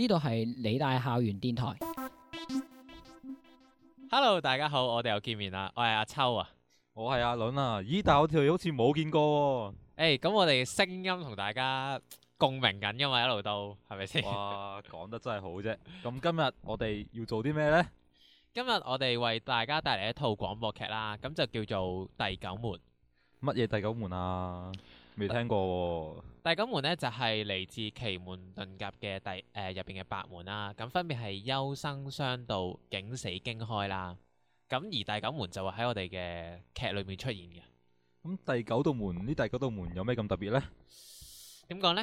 呢度係理大校園電台。Hello，大家好，我哋又見面啦。我係阿秋啊，我係阿倫啊。咦，但我條好似冇見過、啊。誒、欸，咁我哋聲音同大家共鳴緊因為，一路都係咪先？哇，講得真係好啫、啊。咁 今日我哋要做啲咩呢？今日我哋為大家帶嚟一套廣播劇啦，咁就叫做《第九門》。乜嘢第九門啊？未聽過喎，第九門咧就係嚟自奇門遁甲嘅第誒入邊嘅八門啦，咁分別係休生、傷杜、景死、驚開啦，咁而第九門就話喺我哋嘅劇裏面出現嘅。咁第九道門呢？第九道門有咩咁特別呢？點講呢？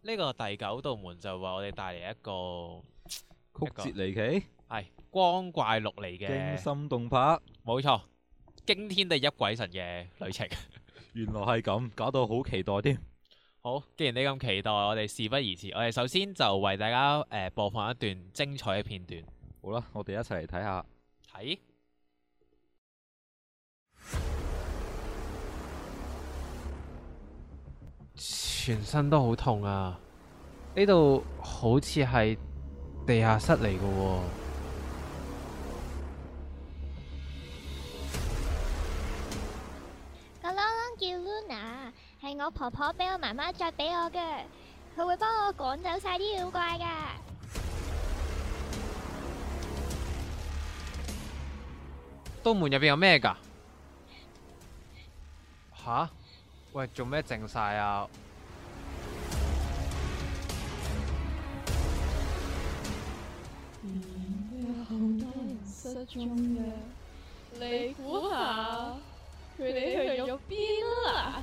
呢個第九道門就話我哋帶嚟一個曲折離奇，係光怪陸離嘅驚心動魄，冇錯，驚天地泣鬼神嘅旅程。原來係咁，搞到好期待添。好，既然你咁期待，我哋事不宜遲，我哋首先就為大家誒、呃、播放一段精彩嘅片段。好啦，我哋一齊嚟睇下。睇看。全身都好痛啊！呢度好似係地下室嚟㗎，啊。我婆婆俾我媽媽着俾我嘅，佢會幫我趕走晒啲妖怪㗎。東門入邊有咩噶？吓？喂，做咩靜晒啊？好多人失蹤嘅，你估下佢哋去咗邊啦？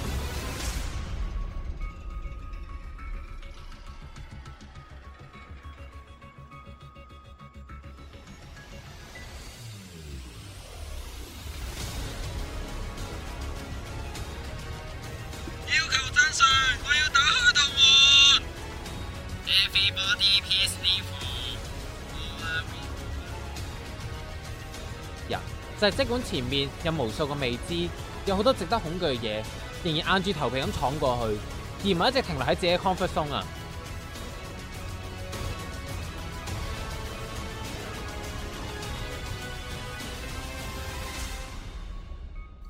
就係即管前面有無數個未知，有好多值得恐懼嘅嘢，仍然硬住頭皮咁闖過去，而唔係一直停留喺自己嘅 comfort zone 啊！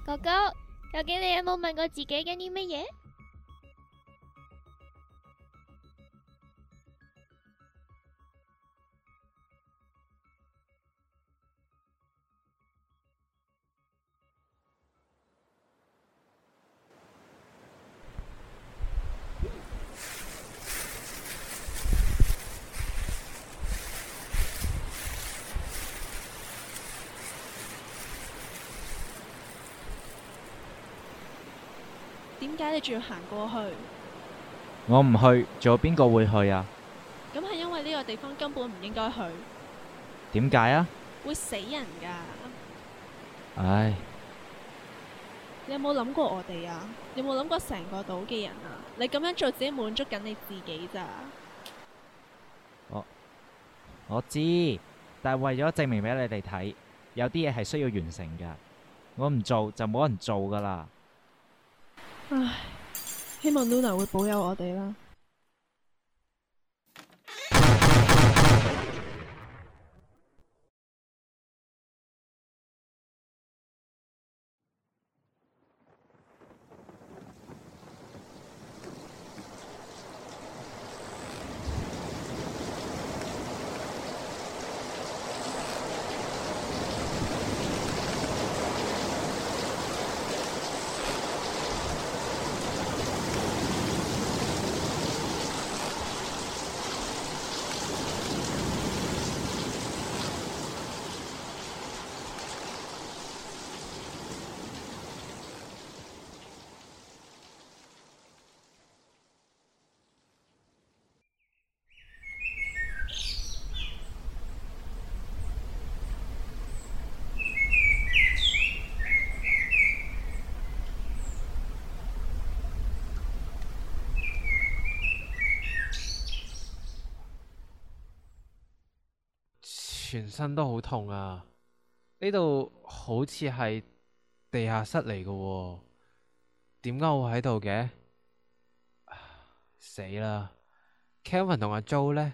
哥哥，究竟你有冇問過自己一啲乜嘢？你仲要行過去？我唔去，仲有邊個會去啊？咁係因為呢個地方根本唔應該去。點解啊？會死人噶！唉，你有有、啊，你有冇諗過我哋啊？你有冇諗過成個島嘅人啊？你咁樣做，只係滿足緊你自己咋？我我知，但係為咗證明俾你哋睇，有啲嘢係需要完成噶。我唔做就冇人做噶啦。唉，希望 Luna 會保佑我哋啦～全身都好痛啊！呢度好似係地下室嚟噶。啊，點解我會喺度嘅？死啦！Kevin 同阿 Jo 咧，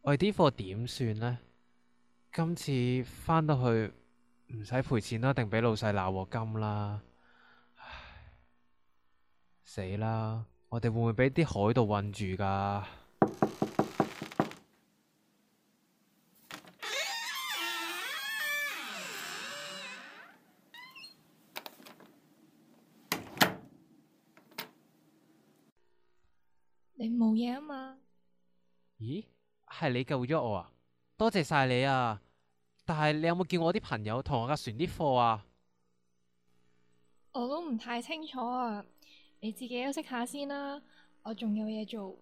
我哋啲貨點算呢？今次翻到去唔使賠錢啦，定俾老細鬧鑊金啦？死啦！我哋會唔會俾啲海盜困住噶？冇嘢啊嘛！咦，係你救咗我啊！多謝晒你啊！但係你有冇叫我啲朋友同我架船啲貨啊？我都唔太清楚啊！你自己休息下先啦，啊，我仲有嘢做。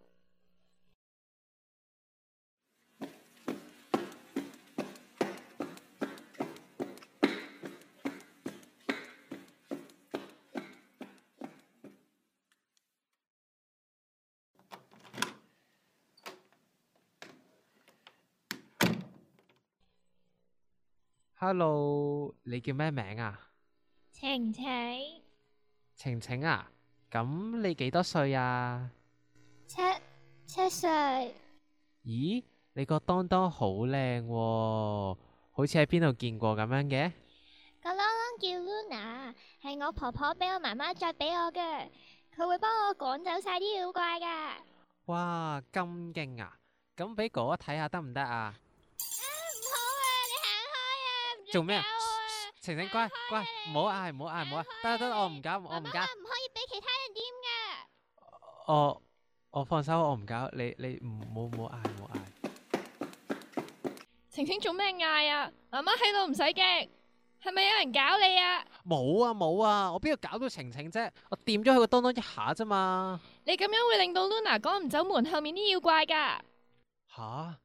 hello，你叫咩名啊？晴晴。晴晴啊，咁你幾多歲啊？七，七歲。咦，你個當當好靚喎，哦，好似喺邊度見過咁樣嘅？個當當叫 Luna，係我婆婆俾我媽媽着俾我嘅，佢會幫我趕走晒啲妖怪噶。哇，咁勁啊！咁俾哥哥睇下得唔得啊？啊做咩啊？晴晴，乖乖，唔好嗌，唔好嗌，唔好嗌，得得，我唔搞，我唔搞。唔可以俾其他人掂噶。我我放手，我唔搞你，你唔好冇嗌冇嗌。晴晴做咩嗌啊？媽媽喺度，唔使驚，係咪有人搞你啊？冇啊冇啊，我邊度搞到晴晴啫？我掂咗佢個當當一下啫嘛。你咁樣會令到 Luna 趕唔走門後面啲妖怪噶。吓，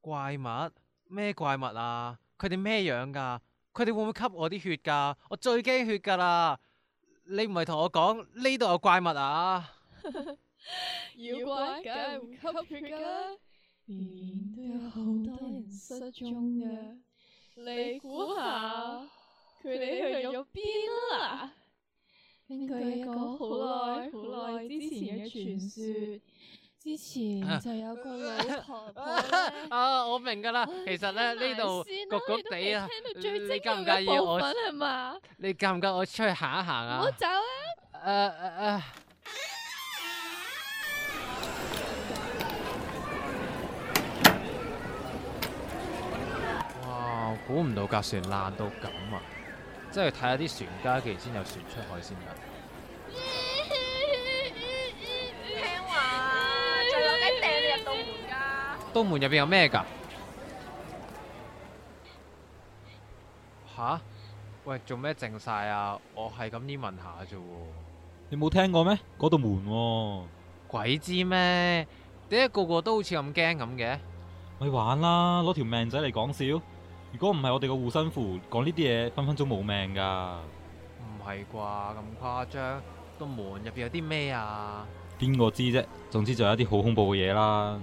怪物咩怪物啊？佢哋咩樣噶？佢哋會唔會吸我啲血噶？我最驚血噶啦！你唔係同我講呢度有怪物啊？ 妖怪梗係唔吸血噶，年年都有好多人失蹤噶。你估下，佢哋去咗邊啦？根據 一個好耐好耐之前嘅傳說。之前就有個老婆婆 啊！我明噶啦，其實咧呢度焗焗地啊，你介唔介意我，係嘛？我吧你介唔介意我出去行一行啊？我走啊！誒誒誒！呃呃、 哇！估唔到架船爛到咁啊！即係睇下啲船家其實先有船出海先得，啊。東門入邊有咩噶？吓？喂，做咩靜晒啊？我係咁啲問下啫。你冇聽過咩？嗰度門？鬼知咩？點解個個都好似咁驚咁嘅？咪玩啦，攞條命仔嚟講笑。如果唔係我哋個護身符，講呢啲嘢分分鐘冇命噶。唔係啩？咁誇張？東門入邊有啲咩啊？邊個知啫？總之就有一啲好恐怖嘅嘢啦。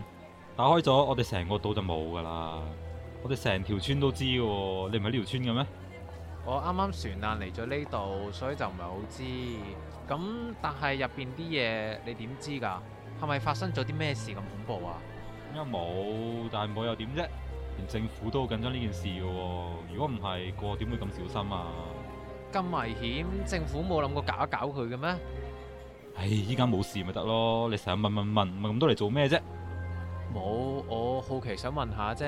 打開咗，我哋成個島就冇噶啦。我哋成條村都知喎，你唔係呢條村嘅咩？我啱啱船難嚟咗呢度，所以就唔係好知。咁但係入邊啲嘢，你點知噶係咪發生咗啲咩事咁恐怖啊？應該冇，但係冇又點啫？連政府都好緊張呢件事喎。如果唔係，個點會咁小心啊？咁危險，政府冇諗過搞一搞佢嘅咩？唉，依家冇事咪得咯。你成日問問問，問咁多嚟做咩啫？冇，我好奇想問下啫。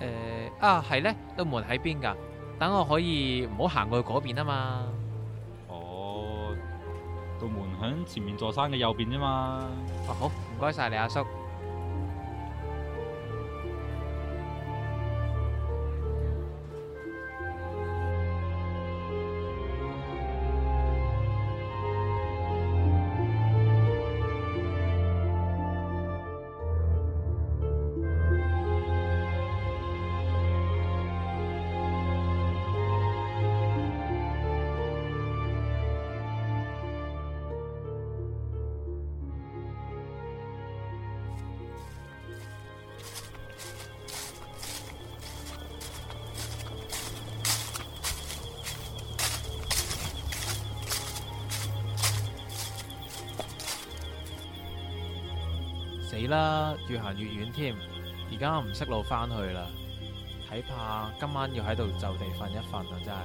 誒，啊係咧，道門喺邊噶？等我可以唔好行過去嗰邊啊嘛。哦，道門喺前面座山嘅右邊啫嘛。哦、啊，好，唔該晒你阿叔。係啦、啊，越行越遠添。而家唔識路翻去啦，睇怕今晚要喺度就地瞓一瞓啦，真係。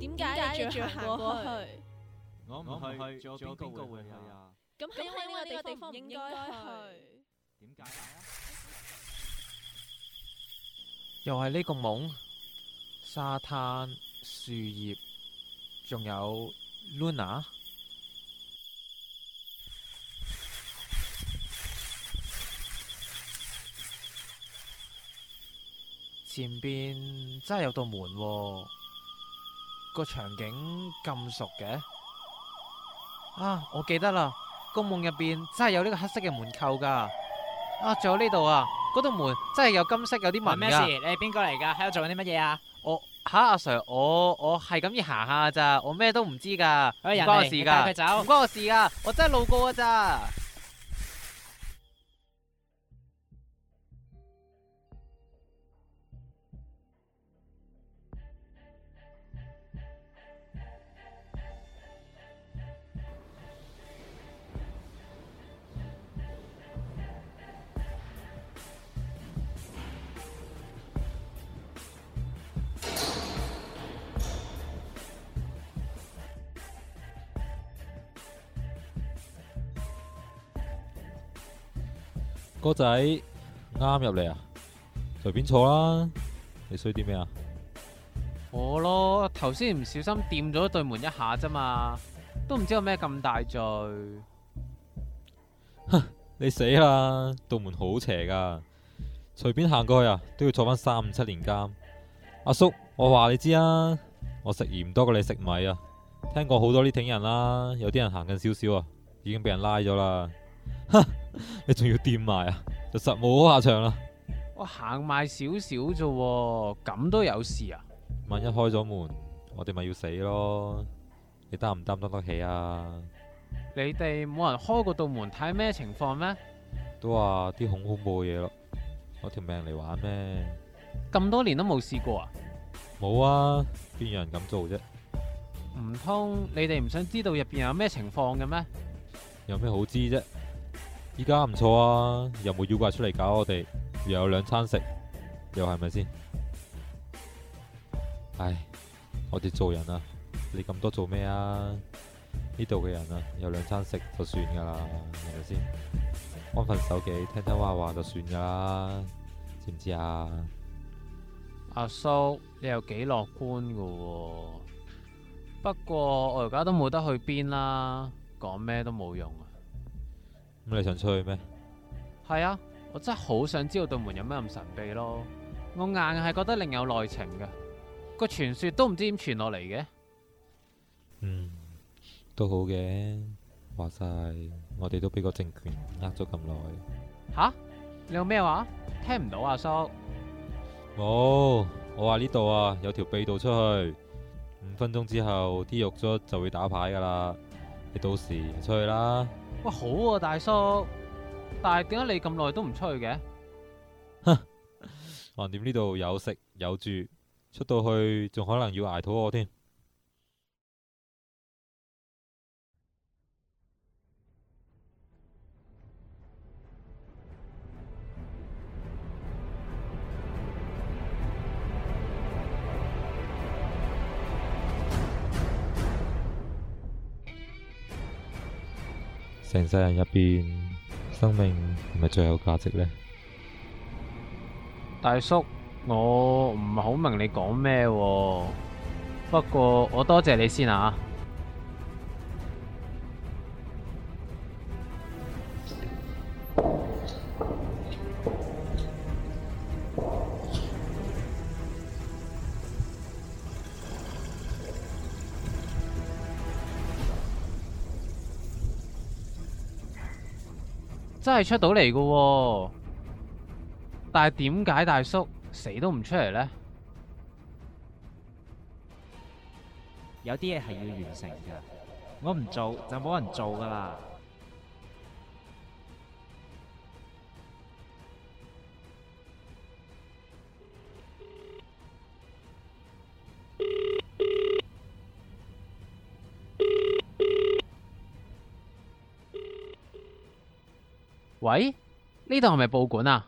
點解要再行過去？我唔去，仲有邊個會去啊？咁喺呢個地方唔應該去。點解啊？又係呢個夢，沙灘、樹葉，仲有 Luna。前邊真係有道門，個場景咁熟嘅。啊，我記得啦，個夢入邊真係有呢個黑色嘅門扣噶。啊，仲有呢度啊，嗰度門真係有金色，有啲紋噶。咩事？你係邊個嚟噶？喺度做緊啲乜嘢啊？我吓阿 Sir，我我係咁樣行下咋，我咩都唔知噶，唔關我事噶，唔關我事噶，我真係路過噶咋。仔啱入嚟啊，隨便坐啦。你衰啲咩啊？我咯，頭先唔小心掂咗對門一下啫嘛，都唔知有咩咁大罪。 你死啦！對門好邪噶，隨便行過去啊，都要坐翻三五七年監。阿叔，我話你知啊，我食鹽多過你食米啊。聽過好多呢挺人啦，有啲人行緊少少啊，已經俾人拉咗啦。哼！你仲要掂埋啊？就實冇下場啦！我行埋少少啫，咁都有事啊？萬一開咗門，我哋咪要死咯？你擔唔擔得起啊？你哋冇人開過道門睇咩情況咩？都話啲好恐怖嘅嘢咯，攞條命嚟玩咩？咁多年都冇試過啊？冇啊，邊有人咁做啫？唔通你哋唔想知道入邊有咩情況嘅咩？有咩好知啫？依家唔錯啊，又冇妖怪出嚟搞我哋，又有兩餐食，又係咪先？唉，我哋做人啊，你咁多做咩啊？呢度嘅人啊，有兩餐食就算噶啦，係咪先？安分守己，聽聽話話就算噶啦，知唔知啊？阿叔，你又幾樂觀噶喎。不過我而家都冇得去邊啦，講咩都冇用。咁你想出去咩？係啊，我真係好想知道對門有咩咁神秘咯。我硬係覺得另有內情嘅，個傳說都唔知點傳落嚟嘅。嗯，都好嘅。話晒，我哋都俾個政權呃咗咁耐。吓、啊，你有咩話？聽唔到啊，叔。冇、哦，我話呢度啊，有條秘道出去。五分鐘之後，啲獄卒就會打牌噶啦。你到時出去啦。喂，好啊，大叔，但係點解你咁耐都唔出去嘅？橫掂呢度有食有住，出到去仲可能要捱肚餓添。成世人入邊，生命係咪最有價值咧？大叔，我唔係好明你講咩？不過我多謝你先啊！真係出到嚟噶，但係點解大叔死都唔出嚟咧？有啲嘢係要完成噶，我唔做就冇人做噶啦。喂，呢度係咪報館啊？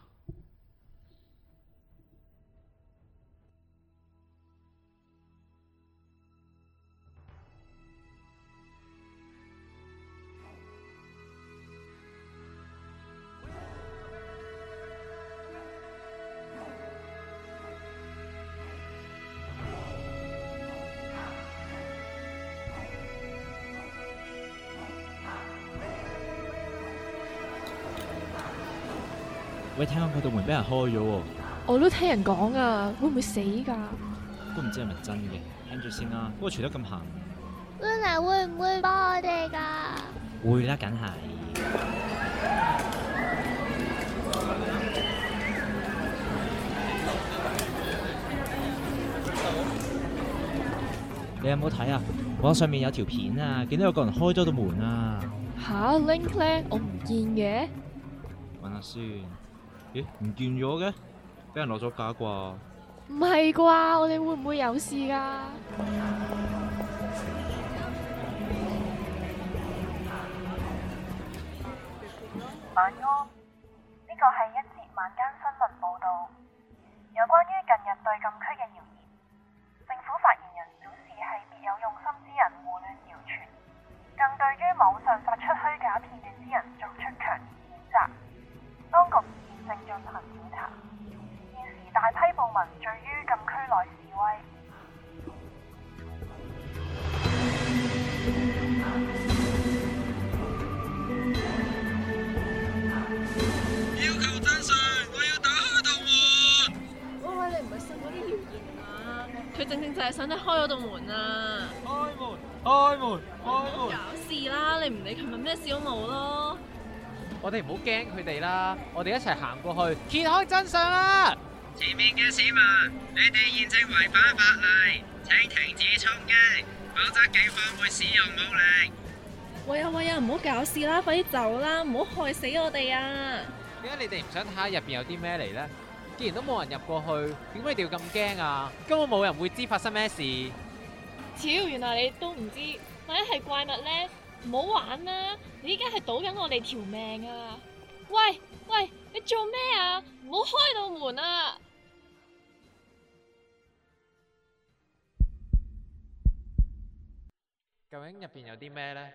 你聽講佢度門俾人開咗。哦，我都聽人講啊，會唔會死噶？都唔知係咪真嘅，聽住先啦，啊。不過除得咁行，Luna 會唔會幫我哋噶？會啦，梗係。 你有冇睇啊？網上面有條片啊，見到有個人開咗道門啊。吓，Link 咧，我唔見嘅。問下先。唔見咗嘅，俾、欸、人落咗架啩？唔係啩？我哋會唔會有事噶、啊？晚安，呢個係一節晚間新聞報道，有關於近日對禁區嘅謠言，政府發言人表示係別有用心之人胡亂謠傳，更對於網上發出虛假騙。正正就係想得開嗰度門啊！開門，開門，開門！搞事啦！你唔理琴日咩事都冇咯！我哋唔好驚佢哋啦，我哋一齊行過去揭開真相啦！前面嘅市民，你哋現正違反法，法例，請停止衝擊，否則警方會使用武力！喂啊喂啊，唔好搞事啦，快啲走啦，唔好害死我哋啊！點解你哋唔想睇下入邊有啲咩嚟咧？既然都冇人入過去，點解你哋要咁驚啊？根本冇人會知發生咩事。屌，原來你都唔知，或者係怪物咧，唔好玩啦！你依家係賭緊我哋條命啊！喂喂，你做咩啊？唔好開到門啊！究竟入邊有啲咩咧？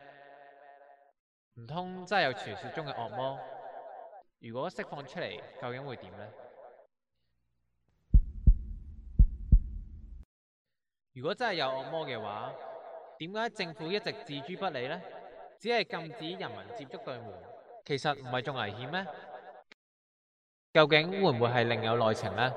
唔通真係有傳說中嘅惡魔？如果釋放出嚟，究竟會點咧？如果真係有惡魔嘅話，點解政府一直置諸不理呢？只係禁止人民接觸對門，其實唔係仲危險咩？究竟會唔會係另有內情呢？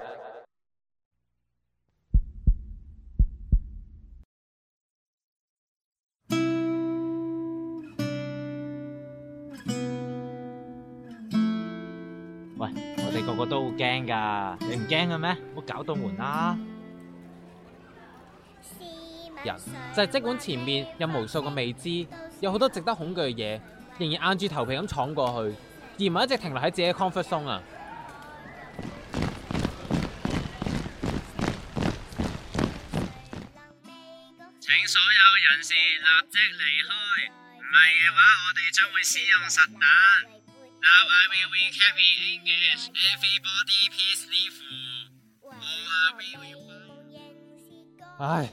喂，我哋個個都好驚㗎，你唔驚嘅咩？唔好搞到門啦！人，就係儘管前面有無數個未知，有好多值得恐懼嘅嘢，仍然硬住頭皮咁闖過去，而唔係一直停留喺自己嘅 comfort zone 啊！請所有人士立即離開，唔係嘅話我哋將會使用實彈。Love I will recapture every body peaceful. 唉。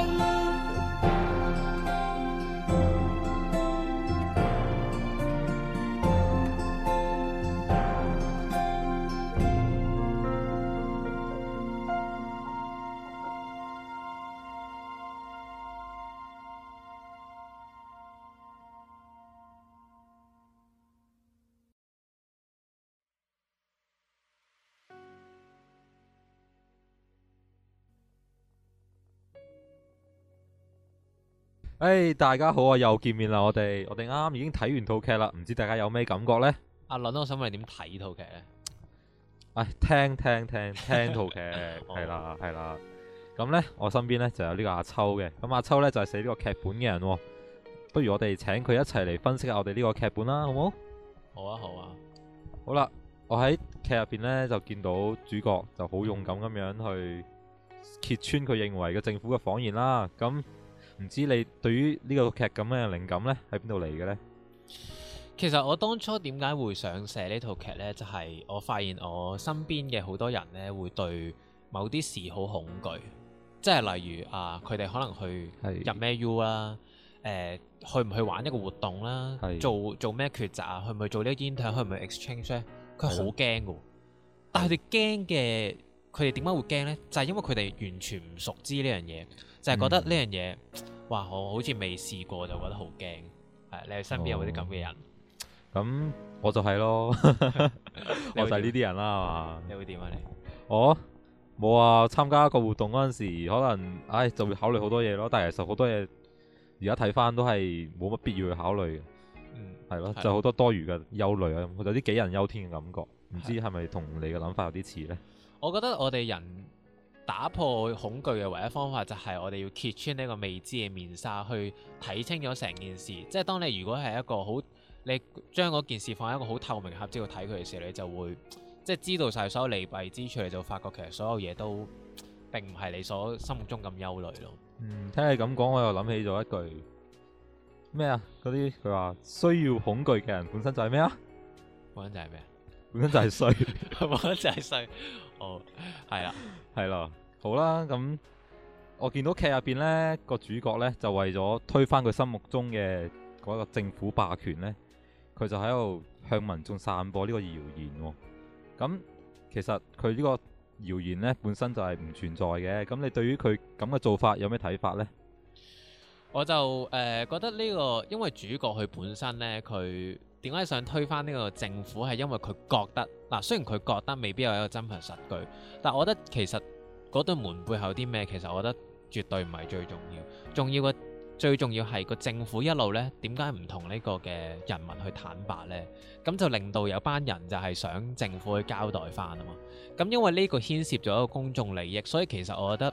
誒，hey, 大家好啊，又見面啦，我哋我哋啱啱已經睇完套劇啦，唔知大家有咩感覺呢？阿倫，我想問你點睇套劇呢？誒、哎，聽聽聽聽套劇，係啦係啦。咁、哦、呢，我身邊呢就有呢個阿秋嘅，咁阿秋呢就係寫呢個劇本嘅人。不如我哋請佢一齊嚟分析下我哋呢個劇本啦，好唔好？好啊好啊。好啊，好啦，我喺劇入邊呢就見到主角就好勇敢咁樣去揭穿佢認為嘅政府嘅謊言啦。咁。唔知你對於呢個劇咁嘅靈感呢喺邊度嚟嘅呢？其實我當初點解會想寫呢套劇呢，就係、是、我發現我身邊嘅好多人呢，會對某啲事好恐懼，即係例如啊，佢哋可能去入咩 U 啦、啊，誒是、呃，去唔去玩一個活動啦、啊是，做做咩抉擇啊，去唔去做呢個 intern，去唔去 exchange，呢？佢好驚喎，的但係佢驚嘅。佢哋點解會驚呢？就係、是、因為佢哋完全唔熟知呢樣嘢，就係、是、覺得呢樣嘢，哇、嗯！我好似未試過，就覺得好驚。係，嗯、你哋身邊有冇啲咁嘅人？咁我就係咯，我就係呢啲人啦，係嘛？你會點啊你？你哦？冇啊！參加一個活動嗰陣時，可能唉就會考慮好多嘢咯。但係其實好多嘢而家睇翻都係冇乜必要去考慮嘅。嗯，係咯，咯就好多多餘嘅憂慮啊！有啲杞人憂天嘅感覺，唔知係咪同你嘅諗法有啲似呢？我覺得我哋人打破恐懼嘅唯一方法就係我哋要揭穿呢個未知嘅面紗，去睇清咗成件事。即係當你如果係一個好，你將嗰件事放喺一個好透明嘅盒子度睇佢嘅時候，你就會即係知道晒所有利弊之處，你就發覺其實所有嘢都並唔係你所心目中咁憂慮咯。嗯，聽你咁講，我又諗起咗一句咩啊？嗰啲佢話需要恐懼嘅人本身就係咩啊？本身就係咩？本身就係衰，就係衰。哦，係啦，係啦，好啦。咁我見到劇入邊咧，個主角咧就為咗推翻佢心目中嘅嗰個政府霸權咧，佢就喺度向民眾散播呢個謠言。哦。咁其實佢呢個謠言咧本身就係唔存在嘅。咁你對於佢咁嘅做法有咩睇法咧？我就誒、呃、覺得呢個，因為主角佢本身咧，佢。點解想推翻呢個政府係因為佢覺得嗱，雖然佢覺得未必有一個真憑實據，但我覺得其實嗰對門背後有啲咩，其實我覺得絕對唔係最重要。重要嘅最重要係個政府一路呢，點解唔同呢個嘅人民去坦白呢？咁就令到有班人就係想政府去交代翻啊嘛。咁因為呢個牽涉咗一個公眾利益，所以其實我覺得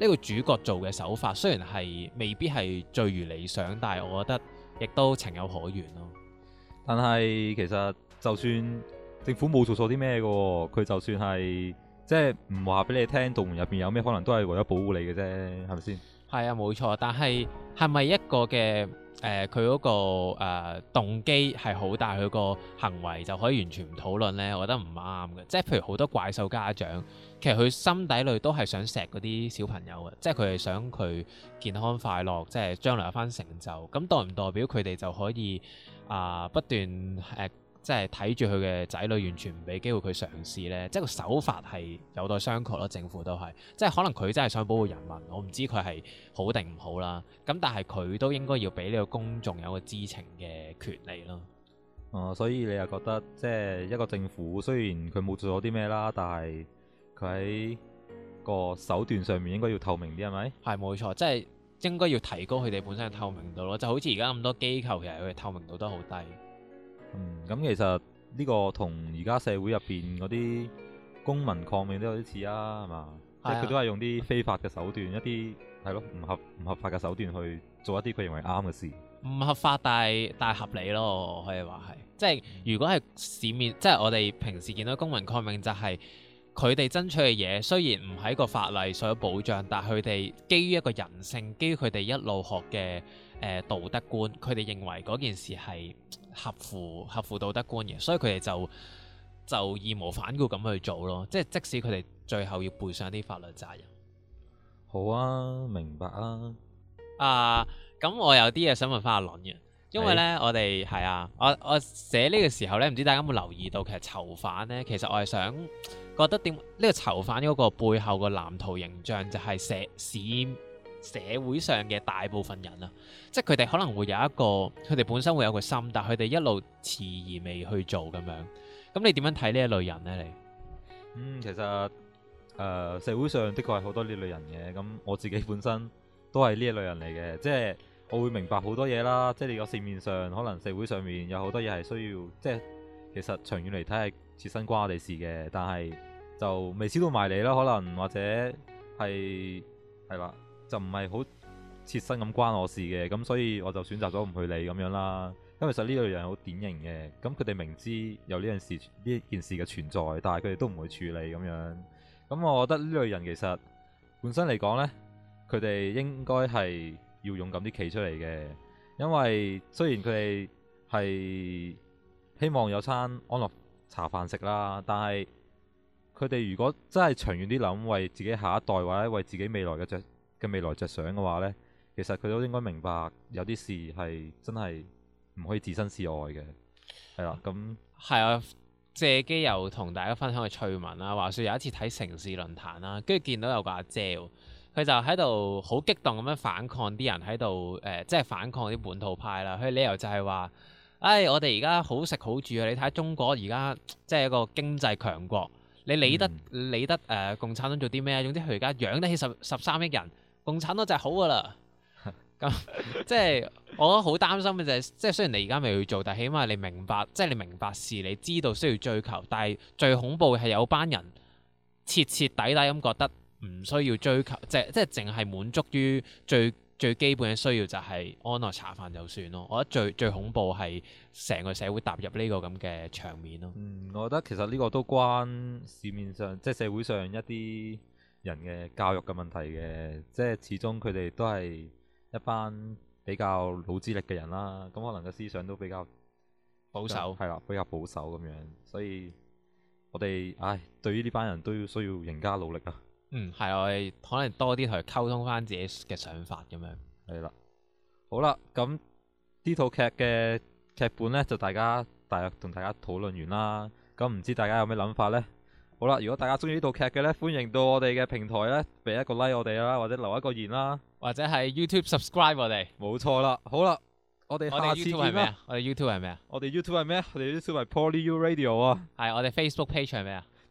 呢個主角做嘅手法雖然係未必係最如理想，但係我覺得亦都情有可原咯。但係其實就算政府冇做錯啲咩嘅，佢就算係即係唔話俾你聽，道門入邊有咩可能都係為咗保護你嘅啫，係咪先？係啊，冇錯。但係係咪一個嘅？誒佢嗰個誒、呃、動機係好大，佢個行為就可以完全唔討論呢。我覺得唔啱嘅。即係譬如好多怪獸家長，其實佢心底裏都係想錫嗰啲小朋友嘅，即係佢係想佢健康快樂，即係將來有翻成就。咁、嗯、代唔代表佢哋就可以啊、呃、不斷即係睇住佢嘅仔女，完全唔俾機會佢嘗試呢，即係個手法係有待商榷咯，政府都係。即係可能佢真係想保護人民，我唔知佢係好定唔好啦。咁但係佢都應該要俾呢個公眾有個知情嘅權利咯。哦、嗯，所以你又覺得即係一個政府，雖然佢冇做咗啲咩啦，但係佢喺個手段上面應該要透明啲，係咪？係冇錯，即係應該要提高佢哋本身嘅透明度咯。就好似而家咁多機構，其實佢嘅透明度都好低。咁、嗯、其實呢個同而家社會入邊嗰啲公民抗命都有啲似是啊，係嘛？即係佢都係用啲非法嘅手段，一啲係咯，唔合唔合法嘅手段去做一啲佢認為啱嘅事。唔合法，但係但係合理咯，可以話係。即係如果係市面，即係我哋平時見到公民抗命就係、是。佢哋爭取嘅嘢，雖然唔係一個法例所有保障，但佢哋基於一個人性，基於佢哋一路學嘅誒、呃、道德觀，佢哋認為嗰件事係合乎合乎道德觀嘅，所以佢哋就就義無反顧咁去做咯。即係即使佢哋最後要背上啲法律責任，好啊，明白啦。啊，咁我有啲嘢想問翻阿倫嘅。因為咧，是我哋係啊，我我寫呢個時候咧，唔知大家有冇留意到，其實囚犯咧，其實我係想覺得點呢、這個囚犯嗰個背後嘅藍圖形象就，就係社市社會上嘅大部分人啊，即係佢哋可能會有一個，佢哋本身會有個心，但佢哋一路遲疑未去做咁樣。咁你點樣睇呢一類人咧？你嗯，其實誒、呃，社會上的確係好多呢類人嘅。咁我自己本身都係呢一類人嚟嘅，即係。我會明白好多嘢啦，即係你個市面上，可能社會上面有好多嘢係需要，即係其實長遠嚟睇係切身關我哋事嘅。但係就未知道埋你啦，可能或者係係啦，就唔係好切身咁關我事嘅。咁所以我就選擇咗唔去理咁樣啦。因為其實呢類人好典型嘅，咁佢哋明知有呢件事呢件事嘅存在，但係佢哋都唔會處理咁樣。咁我覺得呢類人其實本身嚟講呢，佢哋應該係要勇敢啲企出嚟嘅，因為雖然佢哋係希望有餐安樂茶飯食啦，但係佢哋如果真係長遠啲諗，為自己下一代或者為自己未來嘅著嘅未來著想嘅話呢，其實佢都應該明白有啲事係真係唔可以置身事外嘅，係啦，咁係啊，借機又同大家分享個趣聞啦、啊，話説有一次睇城市論壇啦，跟住見到有個阿姐、哦佢就喺度好激動咁樣反抗啲人喺度，誒、呃，即係反抗啲本土派啦。佢理由就係話：誒、哎，我哋而家好食好住，你睇下中國而家即係一個經濟強國，你理得理得誒、呃，共產黨做啲咩啊？總之佢而家養得起十十三億人，共產黨就係好噶啦。咁即係我覺得好擔心嘅就係，即係雖然你而家未去做，但係起碼你明白，即係你明白事，你知道需要追求，但係最恐怖係有班人徹徹底底咁覺得。唔需要追求，即即係淨係滿足於最最基本嘅需要，就係安樂茶飯就算咯。我覺得最最恐怖係成個社會踏入呢個咁嘅場面咯。嗯，我覺得其實呢個都關市面上即係社會上一啲人嘅教育嘅問題嘅，即係始終佢哋都係一班比較老資歷嘅人啦。咁可能個思想都比較保守，係啦，比較保守咁樣。所以我哋唉，對於呢班人都要需要更加努力啊！嗯，係我哋可能多啲去佢溝通翻自己嘅想法咁樣，係啦，好啦，咁呢套劇嘅劇本咧就大家大約同大家討論完啦，咁、嗯、唔知大家有咩諗法咧？好啦，如果大家中意呢套劇嘅咧，歡迎到我哋嘅平台咧俾一個 like 我哋啦，或者留一個言啦，或者係 YouTube subscribe 我哋。冇錯啦，好啦，我哋 YouTube 係咩啊？我哋 YouTube 係咩啊？我哋 YouTube 係咩？我哋 YouTube 係 PolyU Radio 啊。係，我哋 Facebook page 係咩啊？